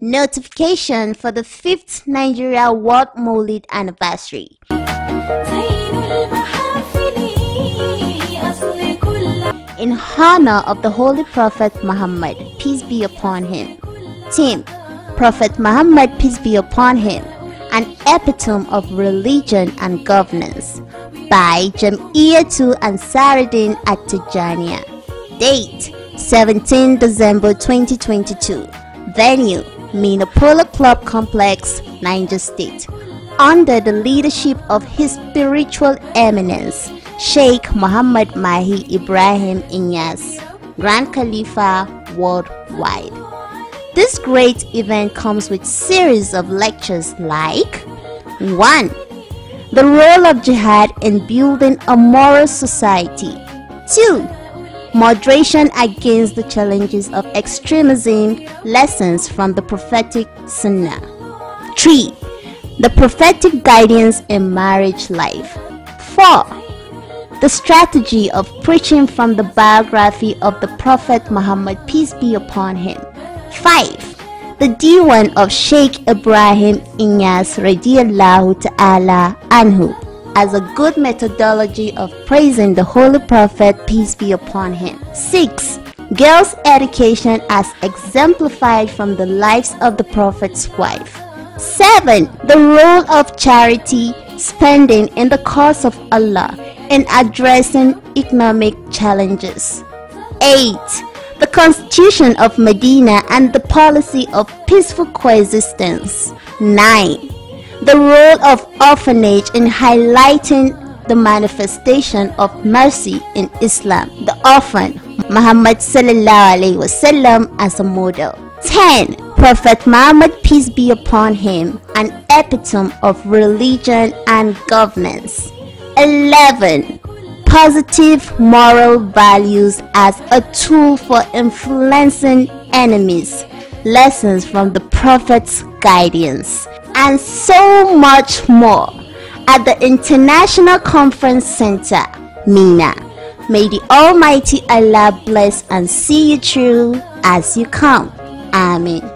Notification for the 5th Nigeria World Molid Anniversary. In honor of the Holy Prophet Muhammad, peace be upon him. Team Prophet Muhammad, peace be upon him, an epitome of religion and governance by Jamia and Ansaruddin at Tijania. Date 17 December 2022. Venue Minapola Club Complex, Niger State. Under the leadership of his spiritual eminence, Sheikh Muhammad Mahi Ibrahim Inyas, Grand Khalifa worldwide. This great event comes with series of lectures like 1 the role of jihad in building a moral society. 2. Moderation against the challenges of extremism, lessons from the prophetic sunnah. 3. The prophetic guidance in marriage life. 4. The strategy of preaching from the biography of the Prophet Muhammad, peace be upon him. 5 the Diwan of Sheikh Ibrahim Inyas radiallahu ta'ala anhu as a good methodology of praising the Holy Prophet peace be upon him. 6. Girls' education as exemplified from the lives of the Prophet's wife. 7. The role of charity spending in the cause of Allah in addressing economic challenges. 8 the constitution of Medina and the policy of peaceful coexistence. 9. The role of orphanage in highlighting the manifestation of mercy in Islam, the orphan, Muhammad wasallam as a model. 10. Prophet Muhammad, peace be upon him, an epitome of religion and governance. 11 positive moral values as a tool for influencing enemies, lessons from the Prophet's guidance, and so much more at the International Conference Center, Mina. May the Almighty Allah bless and see you through as you come. Amen.